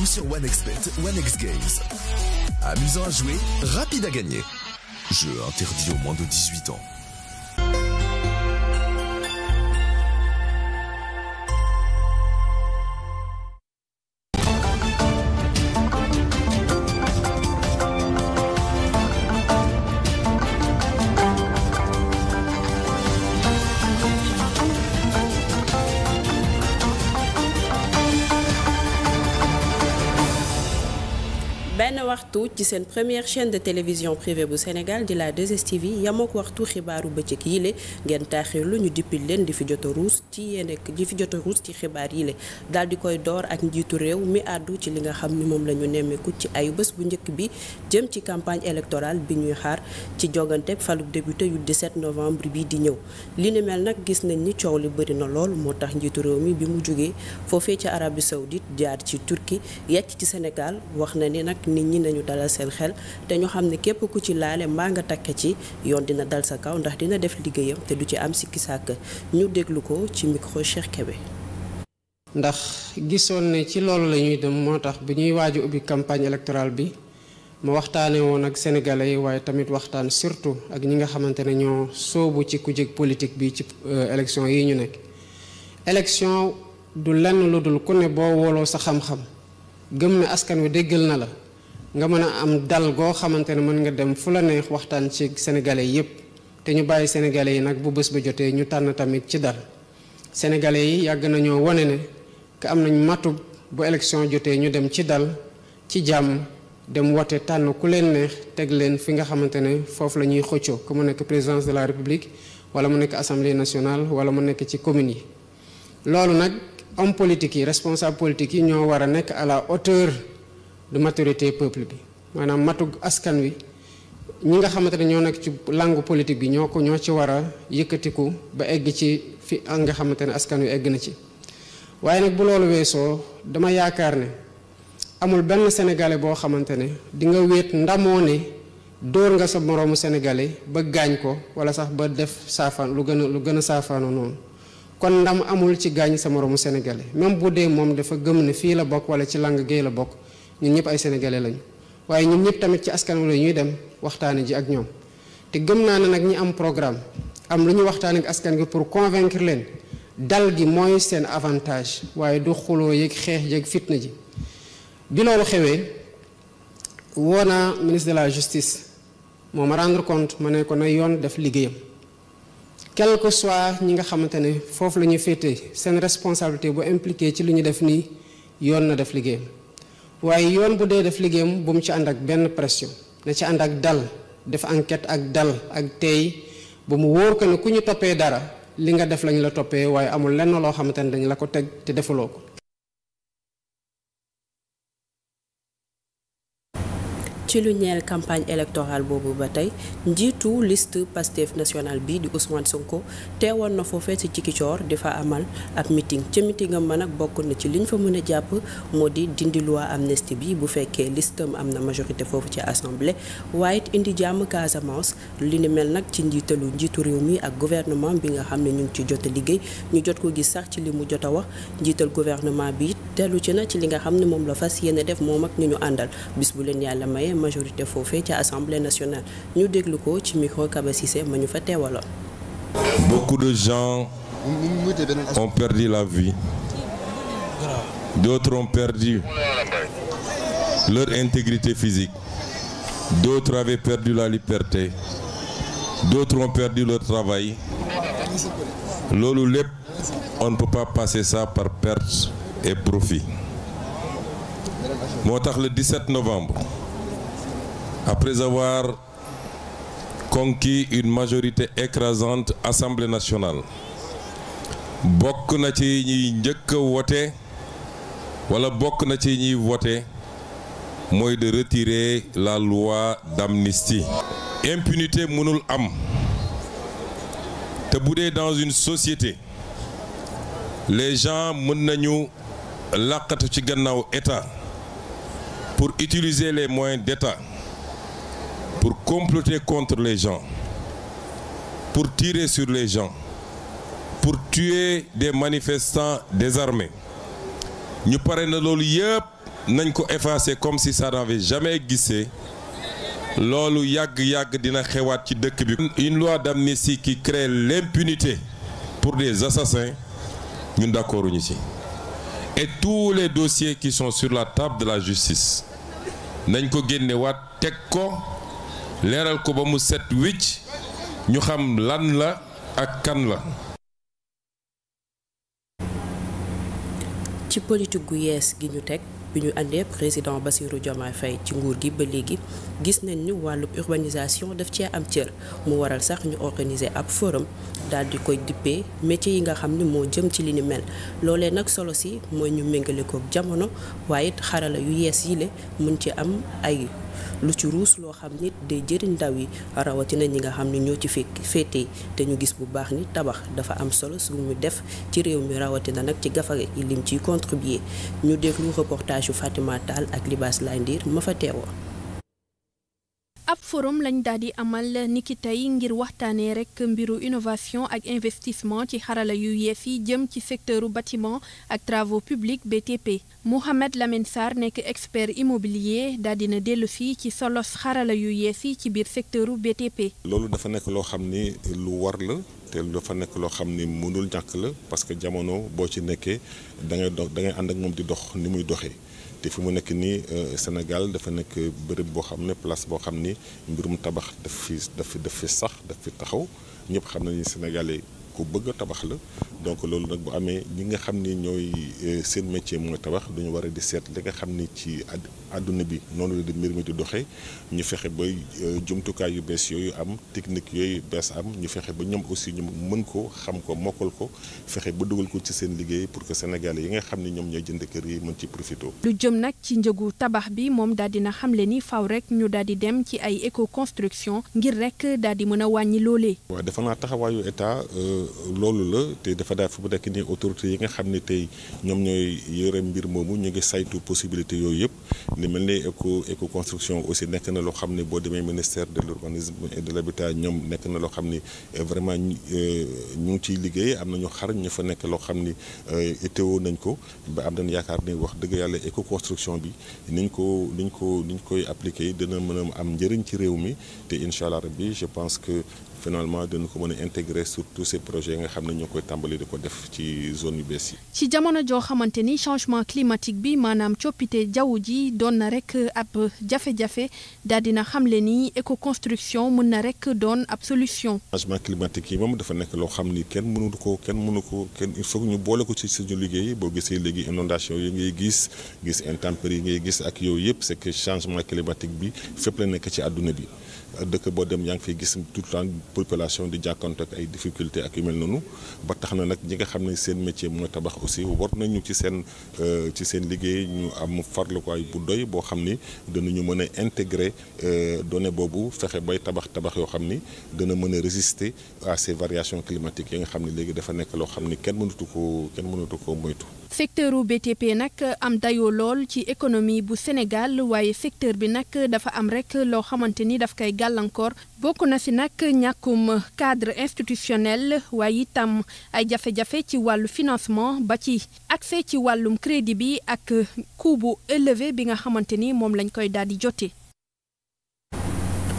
Ou sur OneXBet, OneX Games. Amusant à jouer, rapide à gagner. Jeu interdit au moins de 18 ans. benn waxtu ci seen première chaîne de télévision privée bu Sénégal di la 2STV yamook waxtu xibaaru bëccëg yile ngeen lu ñu dippil leen di fi jot a ruus ci yéen di fi jot a ci xibaar yile daal di koy door ak njiitu réew mi àddu ci li nga xam ni moom la ñu nemmeeku ci ayu bés bu njëkk bi jëm ci campagne électorale bi ñuy xaar ci jogante falub député yu 17 novembre bi di ñëw li ni mel nag gis nañ ni coow li bëri na lool moo tax njiitu réew mi bi mu jógee foofee ci Arabie Saoudite jaar ci Turquie yàcc ci Sénégal wax na ni nag nit ñi nañu dalal seen xel te ñu xam ne képp ku ci laale mbaa nga takk ci yoon dina dal sa kaw ndax dina def liggéeyam te du ci am sikki sàkk ñu déglu ko ci micro Cheikh ndax gisoon ne ci loolu la ñuy dem moo tax bi ñuy waaj ubbi campagne électorale bi ma waxtaanee woon ak sénégalais yi waaye tamit waxtaan surtout ak ñi nga xamante ne ñoo soobu ci kujje politique bi ci euh, élection yi ñu nekk. élection du lenn lu dul ku ne boo wooloo sa xam-xam gëm ne askan wi déggal na la nga mën a am dal goo xamante ne mën nga dem fu la neex waxtaan ci sénégalais yépp te ñu bàyyi sénégalais yi nag bu bés ba jotee ñu tànn tamit ci dal sénégalais yi yàgg nañoo wane ne que am nañ matu bu élection jotee ñu dem ci dal ci jàmm dem wote tànn ku leen neex teg leen fi nga xamante ne foofu la ñuy xëccoo ku mu nekk présidence de la république wala mu nekk assemblée nationale wala mu nekk ci commune yi loolu nag homme politique yi responsable politique yi ñoo war a nekk à la hauteur du maturité peuple bi maanaam matug askan wi ñi nga xamante ne ñoo nekk ci langue politique bi ñoo ko ñoo ci war a yëkkatiku ba egg ci fi nga xamante ne askan wi egg na ci waaye nag bu loolu weesoo dama yaakaar ne amul benn sénégalais boo xamante ne di nga wéet ndamoo ne dóor nga sa moroomu sénégalais ba gaañ ko wala sax ba def saafaan lu gën a lu gën a saafaano noonu kon ndam amul ci gaañ sa moroomu sénégalais moom bu dee moom dafa gëm ne fii la bokk wala ci langue géey la bokk ñun ñëpp ay sénégalais lañu waaye ñun ñëpp tamit ci askan wi la ñuy dem waxtaane ji ak ñoom te gëm naa ne nag ñi am programme am lu ñu waxtaane askan gi pour convaincre leen dal gi mooy seen avantage waaye du xuloo yeeg xeex yeeg fitna ji bi loolu xewee woo naa ministre de la justice moom ma rendre compte ma ne ko na yoon def liggéeyam quelque que ñi nga xamante ne foofu la ñu féete seen responsabilité bu impliqué ci lu ñu def nii yoon na def liggéeyam waaye yoon bu dee def liggéeyam bu mu ci ànd ak benn pression na ci ànd ak dàll def enquête ak dal ak tey ba mu wóor ko ne ku ñu toppee dara li nga def lañ la toppee waaye amul lenn loo xamante ne dañ la ko teg te defuloo ko ci lu ñeel campagne électorale boobu ba tey njiitu liste Pastef national bi di Ousmane Sonko teewoon na foofee ci Ziguinchor di fa amal ab meeting ca meeting am ma nag bokk na ci li liñ fa mën a jàpp moo di dindi loi amnistie bi bu fekkee listam am na majorité foofu ci assemblée waaye indi jàmm Casamance li ni mel nag ci njiitalu njiitu réew mi ak gouvernement bi nga xam ne ñu ngi ci jot a ñu jot ko gis sax ci li mu jot a wax njiital gouvernement bi dellu ci na ci li nga xam ne moom la fas yéene def moom ak ñu ñu àndal bis bu leen yàlla maye majorité foofee ca assemblée nationale ñu déglu ko ci micro Kaba Cissé ma ñu fa teewaloon. beaucoup de gens ont perdu la vie d'autres ont perdu leur intégrité physique d'autres avaient perdu la liberté d'autres ont perdu leur travail loolu lépp on ne peut pas passer ça par perte et profit moo tax le 17 novembre après avoir conquis une majorité écrasante Assemblée nationale bokk na ci ñiy njëkk a wala bokk na ci ñiy wote mooy de retirer la loi d'amnistie impunité mënul am te bu dee dans une société les gens mën nañu làqatu ci gannaaw état pour utiliser les moyens d'état pour comploter contre les gens, pour tirer sur les gens, pour tuer des manifestants désarmés. ñu pare na loolu yëpp nañ ko effacer comme si ça n'avait jamais existé loolu yàgg-yàgg dina xewaat ci dëkk bi. une loi d'amnistie qui crée l'impunité pour des assassins ñun d'accord ñu ci et tous les dossiers qui sont sur la table de la justice nañ ko génnewaat teg ko. leeral ko ba mu set wicc ñu xam lan la ak kan la. ci politique gu yees gi ñu teg. bi ñu àndee président Bassirou Diomaye Faye ci nguur gi ba léegi gis nañ ni wàllub urbanisation def cee am cër mu waral sax ñu organiser ab forum daal di koy dippee métier yi nga xam ni moo jëm ci li ni mel loolee nag solo si mooy ñu méngale ko jamono waaye xarala yu yees yi le mun ci am ay lu ci ruus loo xam ni day jëriñ ndaw yi rawatina ñi nga xam ne ñoo ci fekk féete te ñu gis bu baax ni tabax dafa am solo su mu def ci réew mi rawatina nag ci gafa lim ciy contribuer ñu def déglu reportage yu Fatima Tall ak Libaas Landir ma fa teewoo forum lañ daal di amal niki tey ngir waxtaanee rek mbiru innovation ak investissement ci xarala yu yees yi jëm ci secteuru bâtiment ak travaux publics BTP Mouhamed lamin Sarr nekk expert immobilier daal na dellu fii ci solos xarala yu yees yi ci biir secteuru BTP. loolu dafa nekk loo xam ni lu war la. te dafa nekk loo xam ni mënul ñàkk la parce que jamono boo ci nekkee da ngay dox da ngay ànd ak moom di dox ni muy doxee te fi mu nekk nii euh, Sénégal dafa nekk bërëb boo xam ne place boo xam ni mbirum tabax daf fi daf fi daf fi sax daf fi taxaw ñëpp xam nañu Sénégalais ku bëgg a tabax la donc loolu nag bu amee ñi nga xam ni ñooy euh, seen métier mooy tabax duñu war a di seet li nga xam ni ci adduna bi noonu la di mbir mi di doxee ñu fexe ba euh, jumtukaay yu bees yooyu am technique yooyu bees am ñu fexe ba ñoom aussi ñu mën ko xam ko mokkal ko fexe ba dugal ko ci seen liggéey pour que Sénégalais yi nga xam ni ñoom ñooy jënd kër yi mën ci profité. lu jëm nag ci njëgu tabax bi moom daal dina xamle ni faw rek ñu daal di dem ci ay éco construction ngir rek loolu la te dafa daal fu mu nekk nii autorité yi nga xam ne tey ñoom ñooy yore mbir moomu ñu ngi saytu possibilité yooyu yëpp li mel ne éco éco construction aussi nekk na loo xam ne boo demee ministère de l'urbanisme et de l'habitat ñoom nekk na loo xam ni euh, vraiment euh, ñu ngi ciy liggéey am na ñu xar ñu fa nekk loo xam ni euh, itteewoo nañ ko ba am nañ yaakaar ni wax dëgg yàlla éco construction bi niñ ko niñ ko niñ koy appliquer dina mën a am njëriñ ci réew mi te incha je pense que. finalement dina ko mën a intégrer sur tous ces projets nga xam ne ñoo koy tàmbali di ko def ci zone yu bees yi. ci jamono joo xamante ni changement climatique bi maanaam coppite jaww ji doon na rek ab jafe-jafe daal dina xamle ni éco construction mën na rek doon ab solution. changement climatique yi moom dafa nekk loo xam ni kenn mënu ko kenn mënu ko kenn il faut ñu boole ko ci suñu liggéey boo gisee léegi inondation yi ngay gis gis intempéries yi ngay gis ak yooyu yëpp c'est que changement climatique bi fépp la nekk ci àdduna bi dëkk boo dem yaa ngi fay gis tout le temps population di jàkkoonte ak ay difficulté ak yu mel noonu ba tax na nag ñi xam ne seen métier mooy tabax aussi war nañu ci seen euh, ci seen liggéey ñu am farlukaay bu doy boo xam ni danañu mën a intégrer euh, données boobu fexe bay tabax tabax yoo xam ni dana mën a résister à ces variations climatiques yi nga xam ne léegi dafa nekk loo xam ni kenn mënatu ko kenn mënatu ko moytu. secteur u BTP nag am dayoo lool ci économie bu senegal waaye secteur bi nag dafa am rek loo xamante ni daf koy gàllankoor bokk na si nag ñàkkum cadre institutionnel waaye itam ay jafe-jafe ci wàllu financement ba ci accès ci wàllum crédit bi ak coût bu élevé bi nga xamante ni moom lañ koy daal di jote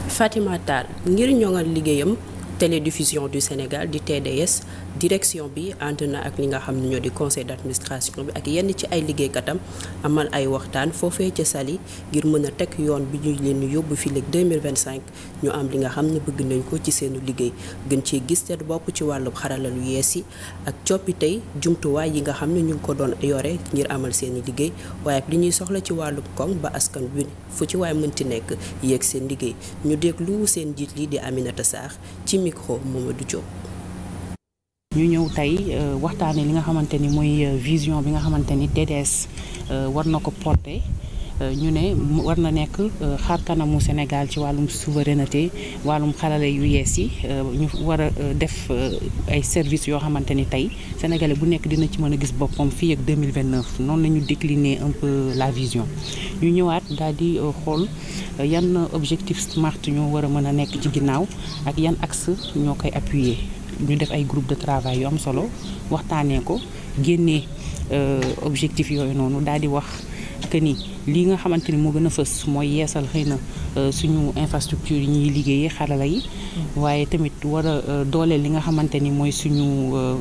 Fatima ngir ñoŋal liggéeyam télédiffusion du Sénégal di TDS direction bi ànd na ak li nga xam ne ñoo di conseil d'administration bi ak yenn ci ay liggéeykatam amal ay waxtaan foofee ca sali ngir mën a tekk yoon bi ñu leen yóbbu fii léegi 2025 ñu am li nga xam ne bëgg nañ ko ci seenu liggéey gën ci gis seen bopp ci wàllu xarala lu yees yi ak coppi tey jumtuwaay yi nga xam ne ñu ngi ko doon yore ngir amal seeni liggéey waaye li ñuy soxla ci wàllu koom ba askan wi fu ci waay mënti nekk yéeg seen liggéey ñu déglu seen njiit li di Aminata Sarr ci micro du Diop. ñu ñëw tey waxtaan euh, waxtaanee li nga xamante ni mooy euh, vision bi nga xamante ni DDS euh, war na ko porter. Euh, ñu ne war na nekk euh, xaar kanamu Sénégal ci wàllum souveraineté wàllum xarale yu yees yi euh, ñu war a def ay services yoo xamante ni tey sénégalais bu nekk dina ci mën a gis boppam fii ak 2029 noonu la ñu décliner un peu la vision ñu ñëwaat daal di xool yan objectif SMART ñoo war a mën a nekk ci ginnaaw ak yan axe ñoo koy appuyer ñu def ay groupe de travail yu am solo waxtaanee ko génnee objectif yooyu noonu daal di wax. que ni lii nga xamante ni moo gën a fës mooy yeesal xëy na euh, suñu infrastructure yi ñuy liggéeyee xarala yi. Mm. waaye tamit war a euh, dooleel li nga xamante ni mooy suñu euh,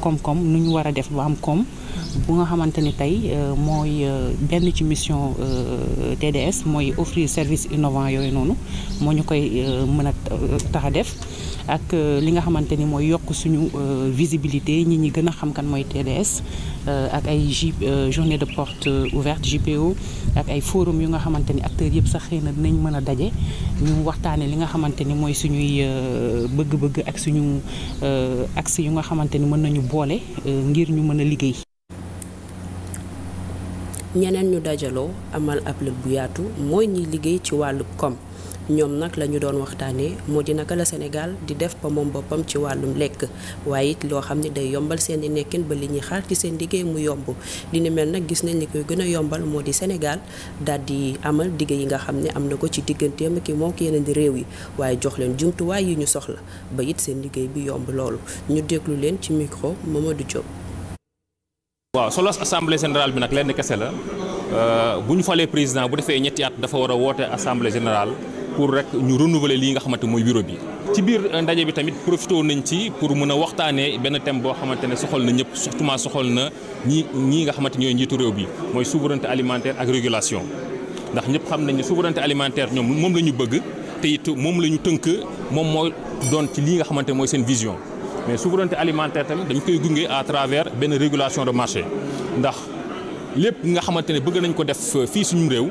koom-koom nu ñu war a def ba am koom. Mm. bu nga xamante ni tey mooy benn ci mission TDS mooy offrir service innovant yooyu noonu moo ñu koy mën a tax def. ak euh, li nga xamante ni mooy yokk suñu euh, visibilité ñi ñi gën a xam kan mooy TDS euh, ak ay J journée de porte ouverte JPO ak ay forum yu nga xamante ni acteurs yëpp sax xëy na dinañ mën a daje ñu waxtaane li nga xamante ni mooy suñuy bëgg-bëgg ak suñu axe yu nga xamante ni mën nañu boole ngir ñu mën a liggéey. ñeneen ñu dajaloo amal ab lël bu yaatu mooy ñiy liggéey ci wàllu koom ñoom nag la ñu doon waxtaanee moo di naka la Sénégal di def ba moom boppam ci wàllum lekk waaye it loo xam ne day yombal seen i nekkin ba li ñuy xaar ci seen liggéey mu yomb li ne mel nag gis nañ ni koy gën a yombal moo di Sénégal daal di amal digg yi nga xam ne am na ko ci digganteem ki moo ki yeneen di réew yi waaye jox leen jumtuwaay yi ñu soxla ba it seen liggéey bi yomb loolu ñu déglu leen ci micro Mamadou Diop. waaw solo assemblée générale bi nag lenn kese la euh, bu ñu falee président bu defee ñetti dafa war a woote assemblée pour rek ñu renouveler lii nga xamante mooy bureau bi. ci biir euh, ndaje bi tamit profité nañ ci pour mën a waxtaanee benn thème boo xamante ne soxal na ñëpp surtout soxal na ñi ñii nga xamante ñooy njiitu réew bi mooy souveraineté alimentaire ak régulation. ndax ñëpp xam nañ ne souveraineté alimentaire ñoom moom la ñu bëgg te moom la ñu tënk moom mooy doon ci lii nga xamante mooy seen vision mais souveraineté alimentaire tamit dañ koy gunge à travers benn régulation de marché ndax lépp nga xamante ne bëgg nañ ko def fii suñu réew.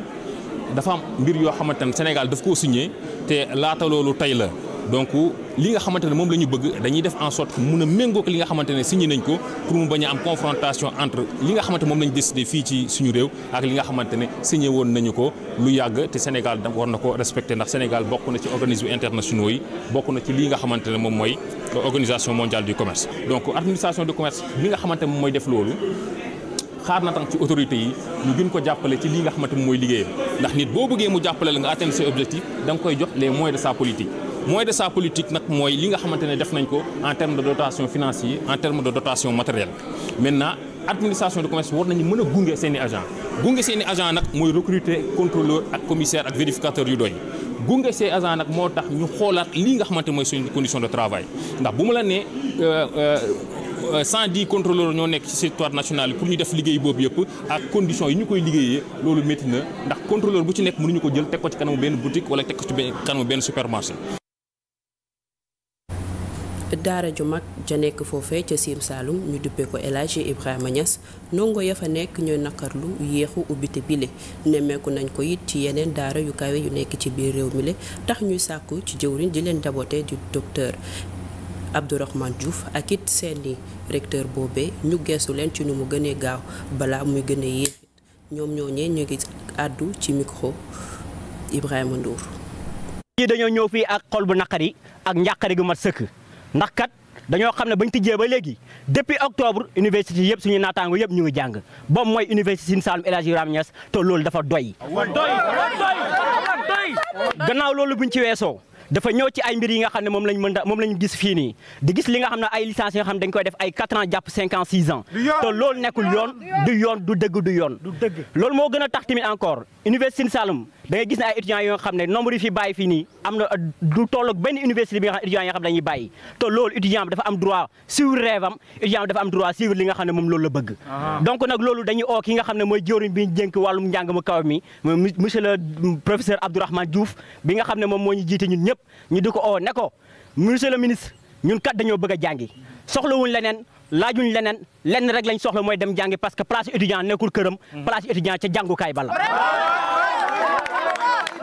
dafa am mbir yoo xamante ne Sénégal daf ko signé te laata loolu tey la donc li nga xamante ne moom la ñu bëgg dañuy def en sorte que mun a méngoog li nga xamante ne signé nañ ko pour mu bañ am confrontation entre li nga xamante moom lañ décidé fii ci suñu réew ak li nga xamante ne signé woon nañu ko lu yàgg te Sénégal da war na ko respecté ndax Sénégal bokk na ci organisme internationaux yi bokk na ci lii nga xamante ne moom mooy organisation mondiale du commerce donc administration du commerce bi nga xamante moom mooy def xaar na tam ci autorité yi ñu gën ko jàppale ci lii nga xamante ni mooy liggéeyam ndax nit boo bëggee mu jàppale la nga atteindre ses objectifs da nga koy jox les moyens de sa politique moyens de sa politique nag mooy li nga xamante ne def nañ ko en terme de dotation financier en terme de dotation matérielle maintenant administration de commerce war nañu mën a gunge seen agent gunge seen i agent nag mooy recruter contrôleur ak commissaire ak vérificateur yu doy gunge seen agent moo tax ñu xoolaat lii nga xamante mooy suñu condition de travail ndax bu mu la nee euh, euh, Euh, cent dix contrôleurs ñoo nekk ci territoire national pour ñu def liggéey boobu yëpp ak conditions yi ñu koy liggéeyee loolu métti na ndax bu ci nekk mënuñu ko jël ko ci kanamu benn boutique wala teg ko ci kanamu benn daara ju mag ja nekk foofee ca Sine Saalum ñu duppee ko El Ibrahima Niass ndongo ya fa nekk ñooy nakarlu yéexu ubbite bile nemmeeku nañ ko it ci yeneen daara yu kawe yu nekk ci biir réew mi le tax ñuy sàkku ci jëwriñ di leen daboote di docteur Abdourahmane Diouf ak it seeni recteur boobe ñu geesu leen ci nu mu gënee gaaw balaa muy gën a yéexit ñoom ñooñee ñu ngi àddu ci micro Ibrahima Ndour. yi dañoo ñëw fii ak xol bu naqari ak njàqari gu mat sëkk ndax kat dañoo xam ne bañ tijjee ba léegi depuis octobre université yëpp suñu naataango yëpp ñu ngi jàng boobu mooy université Sine Saloum El Hadji Ibrahima Niass te loolu dafa doy. doy doy doy. gannaaw loolu buñ ci weesoo. dafa ñëw ci ay mbir yi nga xam ne moom lañ mën a moom lañ gis fii nii di gis li nga xam ne ay licence yoo xam ne dañ koy def ay 4 ans jàpp 5 ans 6 ans te loolu nekkul yoon du yoon du dëgg du yoon loolu moo gën a tax tamit encore université Sine Saloum da gis ne ay étudiants yoo xam ne nombre yi fi bàyyi fii nii am na du toll benn université bi nga xam ne dañuy bàyyi te loolu étudiant bi dafa am droit suivre rêve li nga xam ne moom loolu la bëgg donc nag loolu dañuy oo ki nga xam ne mooy jëwriñ bi ñu jënk wàllum njàng mu kaw mi monsieur le professeur Abdourahmane Diouf bi nga xam ne moom moo ñu jiite ñun ñëpp ñu di ko oo ne ko monsieur le ministre ñun kat dañoo bëgg a jàngi soxlawuñ leneen laajuñ leneen lenn rek lañ soxla mooy dem jàngi parce que place étudiant nekkul këram hmm. place étudiant ca jàngukaay bala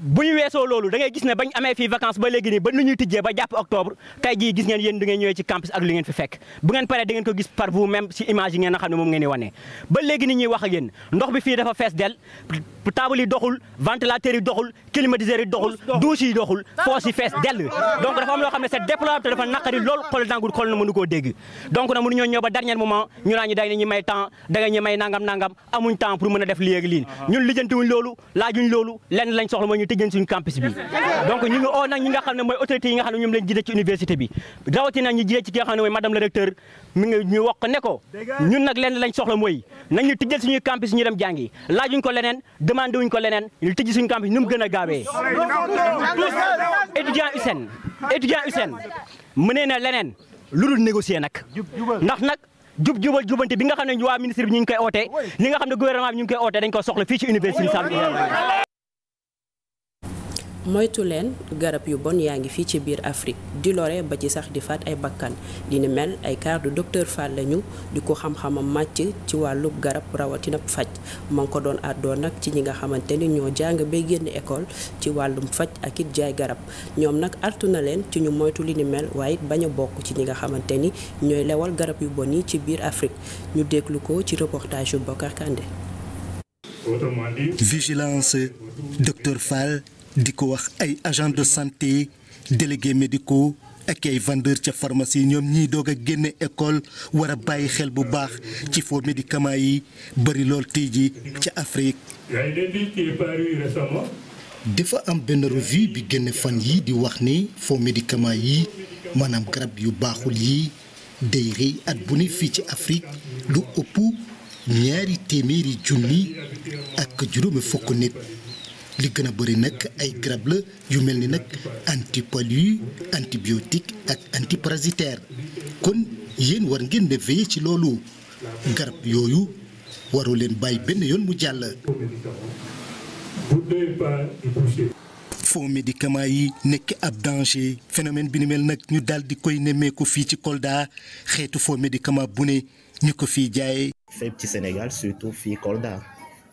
bu ñu weesoo loolu da ngay gis ne bañ amee fii vacance ba léegi nii ba nu ñuy tijjee ba jàpp octobre tey jii gis ngeen yéen di ngeen ñëwee ci campus ak li ngeen fekk bu ngeen paree da ngeen ko gis par vous même si image yi a xam ne moom ngeen wane ba léegi ni ñuy wax ak yéen ndox bi fii dafa fees del table yi doxul ventilateur yi doxul climatiseur yi doxul douche yi doxul foos yi fees donc dafa am loo xam ne c'est déplorable te dafa naqari lool xol dangul xol na mënu koo dégg donc na mënu ñoo ñëw ba a def lii ak lii ñun lijjantiwuñ loolu laajuñ loolu lenn lañ soxla mooy ñu tëjee suñu campus bi donc ñu ngi oo nag ñi nga xam ne mooy autorité yi nga xam ne ñoom lañ jiite ci université bi rawatina ñu jiite ci ki nga xam ne mooy madame le recteur mi ngi ñu wax ne ko ñun nag lenn lañ soxla mooy nañ ñu tëjee suñuy campus ñu dem jàngi laajuñ ko leneen demandé wuñ ko leneen ñu tëj suñu campus nu mu gën a gaawee étudiant Hussein étudiant Hussein mënee na leneen lu dul négocier nag ndax nag jub jubal jubante bi nga xam ne waa ministre bi ñu ngi koy oote li nga xam ne gouvernement bi ñu ngi koy oote dañ ko soxla fii ci université bi moytu leen garab yu bon yaa ngi fii ci biir Afrique di lore ba ci sax di faat ay bakkan dina mel ay cadre docteur Fall lañu di ko xam-xamam màcc ci wàllu garab rawatina faj ma ngi ko doon àddoo nag ci ñi nga xamante ni ñoo jàng bay génn école ci wàllum faj ak it jaay garab ñoom nag artu na leen ci ñu moytu li ni mel waaye it bokk ci ñi nga xamante ni ñooy lewal garab yu bon yi ci biir Afrique ñu déglu ko ci reportage yu Bokar Kandé. di ko wax ay agent de santé délégués médicaux ak ay vendeur ca pharmacie ñoom ñiy doog a génne école war a bàyyi xel bu baax ci foo médicament yi bëri lool tey ji ca Afrique. dafa am benn revue bi génne fan yi di wax ni faux médicament yi maanaam garab yu baaxul yi day rëy at bu ne fii ci Afrique lu ëpp ñaari téeméeri junni ak juróomi fukk nit. li gën bari bëri nag ay garab la yu mel ni nag antipalu antibiotique ak anti antiparasitaire kon yéen war ngeen ne veiller ci loolu garab yooyu waru leen bàyyi benn yoon mu jàll. faux médicament yi nekk ab danger phénomène bi ni mel nag ñu dal di koy nemmeeku fii ci Kolda xeetu faux médicament bu ne ñu ko fiy jaayee. fépp ci Sénégal surtout fii Kolda.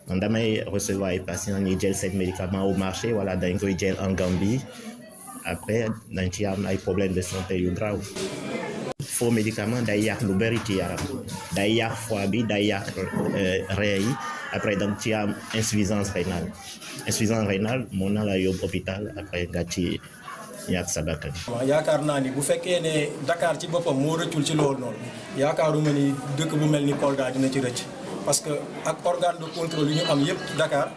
man damay recevoir ay patients ñuy jël seen médicament au marché wala dañ jël en après dañ ci ay problème de santé yu grave faux médicament day yàq lu bëri ci yaram day yàq foie bi day yàq euh, rein yi après da ci am insuffisance rénale insuffisance rénale na la yaakaar naa ni bu fekkee ne Dakar ci boppam moo rëccul ci loolu noonu yaakaaruma ni dëkk bu mel ni Kolda dina ci rëcc. parce que ak organe de contrôle yi ñu am yëpp Dakar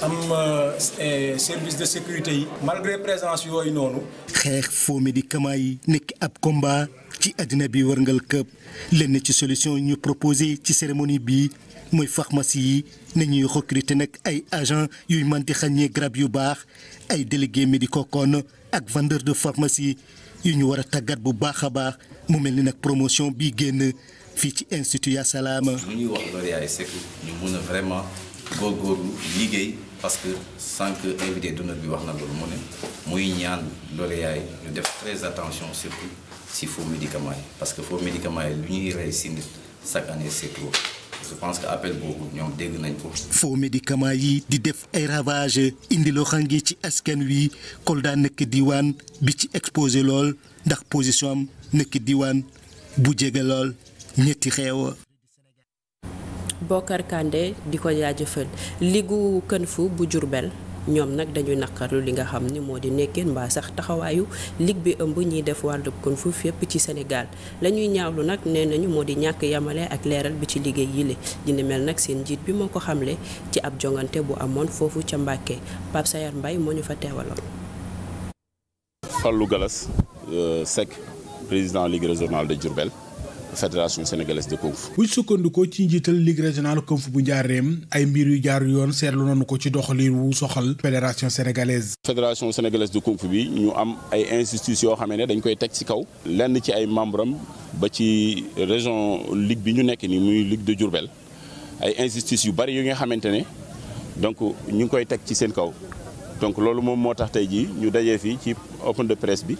am euh, service de sécurité yi. malgré présence yooyu noonu. xeex faux médicaments yi nekk ab combat ci àddina bi wërngal këpp lenn ci solution ñu proposé ci cérémonie bii mooy pharmacie yi nañuy recruter nag ay agent yuy mën di xàññee garab yu baax ay délégué médicaux kon ak vendeur de pharmacie yu ñu war a tàggat bu baax a baax mu mel ni nag promotion bii génn. fii ci institut Yasalaama. mu ñuy wax lauréat yi c'est ñu mun a vraiment góorgóorlu liggéey parce que sans que invité d'honneur bi wax na loolu mu ne muy ñaan lauréat yi ñu def très attention surtout si faux médicaments yi parce que faux médicaments yi lu ñuy rey si nit chaque année c'est je pense que appel boobu ñoom dégg nañ ko. faux médicament yi di def ay ravages indi loo xam ci askan wi Kolda nekk diwaan bi ci exposé lool ndax position am nekk lool. ñetti xeewa Bokar Kande di ko jaajëfal ligu kën fu bu Jurbel ñoom nag dañuy naqarlu li nga xam ni moo di nekkeen mbaa sax taxawaayu ligue bi ëmb ñiy def wàllu kon fu fépp ci senegal lañuy ñuy ñaawlu nag nee nañu moo di ñàkk yamale ak leeral bi ci liggéey yile dina mel nag seen njiit bi moo ko xamle ci ab jongante bu amoon foofu ca Mbàkke Pape mbay moo ñu fa teewaloon Fallou Galas euh, Seck président ligue régionale de Diourbel fédération sénégalaise de kung ci njiital ligue régionale kung fu bu njaareem ay mbir yu jaar yoon seetlu nañu ko ci doxalin wu soxal fédération sénégalaise. fédération sénégalaise de kung bi ñu am ay institutions yoo xam ne dañ koy teg ci kaw lenn ci ay membres am ba ci région ligue bi ñu nekk nii muy ligue de Diourbel ay institutions yu bari yu nga xamante ne donc ñu ngi koy teg ci seen kaw donc loolu moom moo tax tey jii ñu dajee fii ci open de presse bi.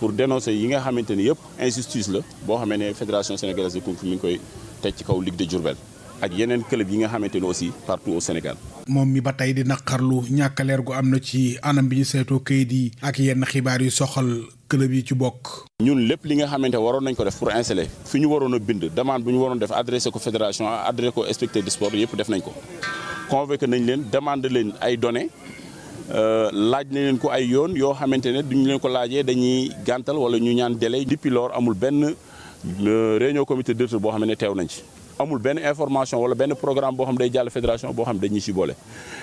pour dénoncer yi nga xamante ni yëpp injustice la boo xamee ne fédération sénégalaise de kung-fu mi ngi koy teg ci kaw ligue de Diourbel ak yeneen club yi nga xamante ni aussi partout au Sénégal. moom mi ba tey di naqarlu ñàkk leer gu am na ci anam bi ñu saytoo kayit yi ak yenn xibaar yu soxal club yi ci bokk. ñun lépp li nga xamante waroon nañ ko def pour installer fi ñu waroon a bind demande bu ñu waroon def adressé ko fédération adressé ko inspecteur du sport yëpp def nañ ko. convoqué nañ leen demande leen ay données. Euh, laaj na leen ko ay yoon yoo xamante ne duñu leen ko laajee dañuy gàntal wala ñu ñaan délai. depuis lors amul benn euh, réunion comité directeur boo xam ne teew nañ ci. amul benn information wala benn programme boo xam day jàll fédération boo xam dañuy si boole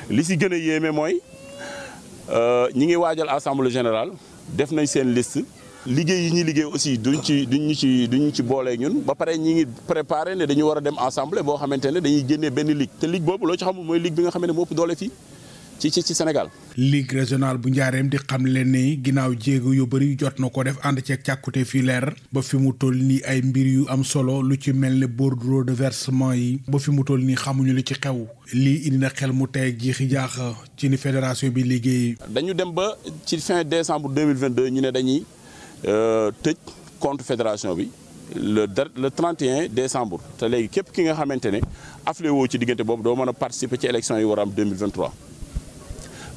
li si gën a yéeme mooy euh, ñi ngi waajal assemblée général def nañ seen liste. liggéey yi ñuy liggéey aussi duñ ci duñ ci duñ ci boolee ñun ba pare ñi ngi préparé ne dañu war a dem assemblée boo xamante ne dañuy génnee benn ligue te ligue boobu loo ci xamul mooy ligue bi nga xam ne moo ëpp doole fii. ci ci ci Sénégal. ligue régionale bu njaareem di xam leen ni ginnaaw jéego yu bëri jot na ko def ànd ceeg càkkute fii leer ba fi mu toll nii ay mbir yu am solo lu ci mel ne bordereau de versement yi ba fi mu toll nii xamuñu li ci xew lii indi na xel mu tey jiixi jaax ci ni fédération bi liggéey. dañu dem ba ci fin décembre deux mille vingt deux ñu ne dañuy euh, tëj compte fédération bi le dar le 31 décembre te léegi képp ki nga xamante ne afflé woo ci diggante boobu doo mën a participer ci élection yi war a am 2023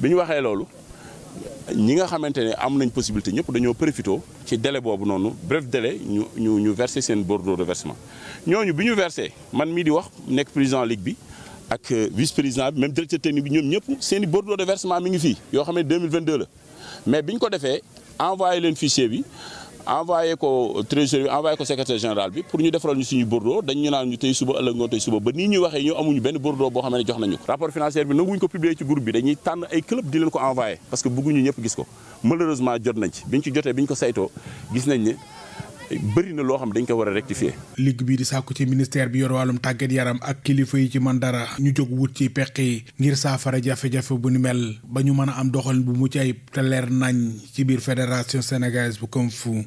bi ñu waxee loolu ñi nga xamante ne am nañ possibilité ñëpp dañoo profité ci délai boobu noonu bref délai ñu ñu ñu versé seen bordereau de versement. ñooñu bi ñu versé man mii di wax nekk président ligue bi ak euh, vice président bi même directeur technique bi ñoom ñëpp seen i bordereau mi ngi fii yoo xam ne 2022 la mais bi ñu ko defee envoyé leen fichier bi. envoyé ko trésorier envoyé ko secrétaire général bi pour ñu defaral ñu suñu bordeaux dañ ñu naan ñu tey suba ëllëg ngoon tey suba ba nii ñuy waxee ñoo amuñu benn bordeaux boo xam ne jox nañu ko rapport financier bi nanguñu ko publier ci groupe bi dañuy tànn ay club di ko envoyé parce que bëgguñu ñëpp gis ko malheureusement jot nañ ci biñ ci jotee biñ ko saytoo gis nañ ne bëri na loo xam dañ ko war a rectifier. ligue bii di sàkku ci ministère bi yor wàllum tàggat yaram ak kilifa yi ci man dara ñu jóg wut ci peq yi ngir saafara jafe-jafe bu ni mel ba ñu mën a am doxalin bu mucc ayib te leer nañ ci biir fédération sénégalaise bu kung fu.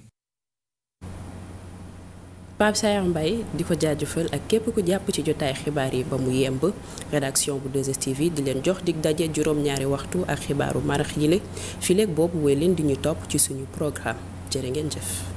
Pape Sayar Mbaye di ko jaajëfal ak képp ku jàpp ci jotaay xibaar yi ba mu yemb rédaction bu 2 di leen jox dig daje juróom-ñaari waxtu ak xibaaru marax yi la fileeg boobu wéy di ñu topp ci suñu programme jërë ngeen jëf.